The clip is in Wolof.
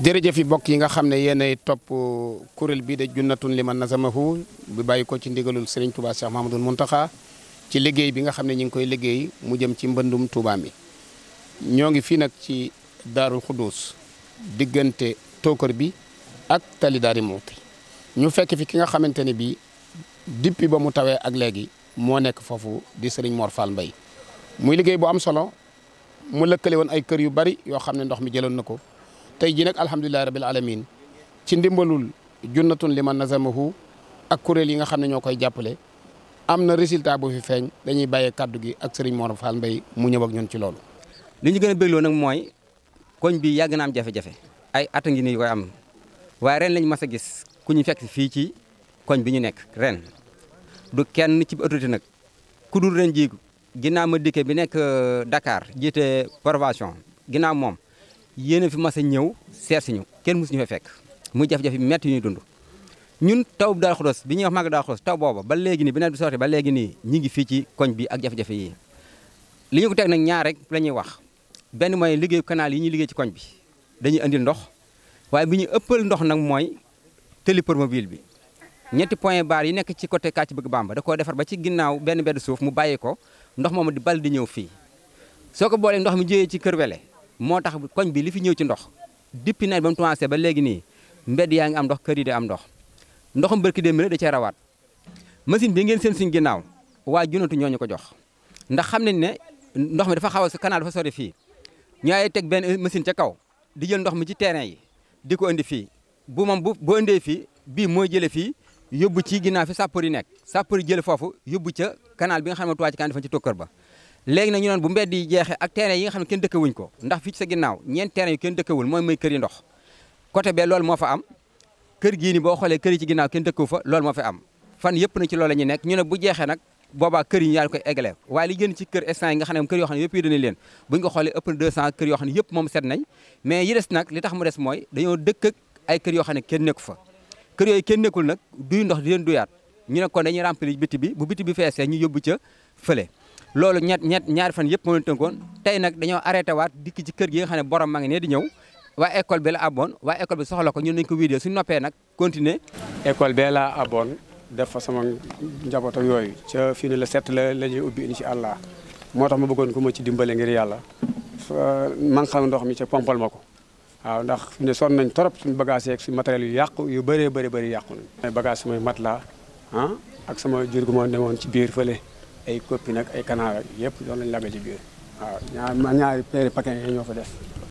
jërëjëf yi mbokk yi nga xam ne yéenay topp kuréel bii de junnatun liman nazamahu bu bàyyi ko ci ndigalul Serigne Touba Cheikh Mahamadul taxa ci liggéey bi nga xam ne ñu ngi koy liggéey mu jëm ci mbëndum Touba mi ñoo ngi fii nag ci Daarul Xuduus diggante tookër bi ak tali daari muuti ñu fekk fi ki nga xamante ne bii depuis ba mu tawee ak léegi moo nekk foofu di Serigne Mor Fall Mbaye muy liggéey bu am solo mu lëkkale woon ay kër yu bari yoo xam ne ndox mi jëloon na ko tey jii nag alhamdulilahi rabil alamin ci ndimbalul junnatun liman nazamahu ak kuréel yi nga xam ne ñoo koy jàppale am na résultat bu fi feeñ dañuy bàyyee kàddu gi ak sëriñ Mor Fall Mbaye mu ñëw ak ñun ci loolu li ñu gën a bégloo nag mooy koñ bi yàgg na am jafe-jafe ay at ngi nii koy am waaye ren lañ mas a gis ku ñu fekk fii ci koñ bi ñu nekk ren du kenn ci autorité nag ku dul ren ji ginnaaw ma dikke bi nekk euh, Dakar jiite Promotion ginnaaw moom yéen fi mas ñëw seet si ñu kenn mus ñu fa fekk muy jafe-jafe metti yu ñuy dund ñun taw daal xudos bi ñu wax màgg daal xudos taw booba ba léegi nii bi nawet bi sotti ba léegi nii ñi ngi fii ci koñ bi ak jafe yi li ñu nag ñaar rek la ñuy wax benn mooy liggéey canal yi ñuy liggéey ci koñ bi dañuy andil ndox waaye bi ñu ëppal ndox nag mooy tëli Promoville bi ñetti point barre yi nekk ci côté Kàcc Bëgg Bàmba da koo defar ba ci ginnaaw benn bedd suuf mu bàyyi ko ndox moomu di bal di ñëw fii soo ko boolee ndox mi jógee ci kër wele moo tax koñ bi li fi ñëw ci ndox depuis nawet ba mu commencé ba léegi nii mbedd yaa ngi am ndox kër yi di am ndox ndoxam barki de rek da cee rawaat machine bi ngeen seen suñ ginnaaw waa junatu ñooñu ko jox ndax xam nañ ne ndox mi dafa xaw a canal dafa sori fii ñooy teg benn machine ca kaw di jël ndox mi ci terrain yi di ko indi fii bu moom bu bu indee fii bii mooy jëlee fii yóbbu ci ginnaaw fi sa yi nekk sa yi jële foofu yóbbu ca canal bi nga xam ne tuwaa ci kan defañ ci ba léegi nag ñu naan bu mbedd yi jeexee ak terrain yi nga xam ne kenn dëkkawuñ ko ndax fii ci sa ginnaaw ñeent terrain yu kenn dëkkawul mooy mooy kër yi ndox côté bee loolu moo fa am kër gii ni boo xoolee kër yi ci ginnaaw kenn dëkkawu fa loolu moo fa am fan yëpp na ci loolu la nekk ñu ne bu jeexee nag boobaa kër yi ñu daal koy eggale waaye li gën ci kër instant yi nga xam ne kër yoo xam ne yëpp leen buñ ko xoolee ëpp na 200 kër yoo xam ne yëpp moom set nañ mais yi des nag li tax mu des mooy dañoo dëkk ak ay yoo xam ne kenn nekku fa kër yooyu kenn nekkul nag duy ndox di leen duyaat ñu ne kon dañuy remplir biti bi bu biti bi feesee ñu yóbbu ca fële loolu ñett ñett ñaari fan yëpp moo leen tënkoon tey nag dañoo arrêté waat dikk ci kër gi nga xam ne borom ma ngi di ñëw waa école bi la aboon waa école bi soxla ko ñun nañ ko vidéo suñu noppee nag continuer école bee laa aboon def fa sama njaboot yooyu ca fii ne la set la ñuy ubbi incha allah moo tax ma bëggoon ko ma ci dimbale ngir yàlla man xam ndox mi ca pompal ma ko waaw ndax fi ne sonn nañ trop suñu bagage yeeg suñu matériel yu yàqu yu bëree bëri bëri yàqu nañ bagage samay matelas ah ak sama jur gu ma newoon ci biir fële ay copine ak ay canard yëpp doon lañ label ci biir waaw ñaar ñaari paire paquet yi ñoo fa def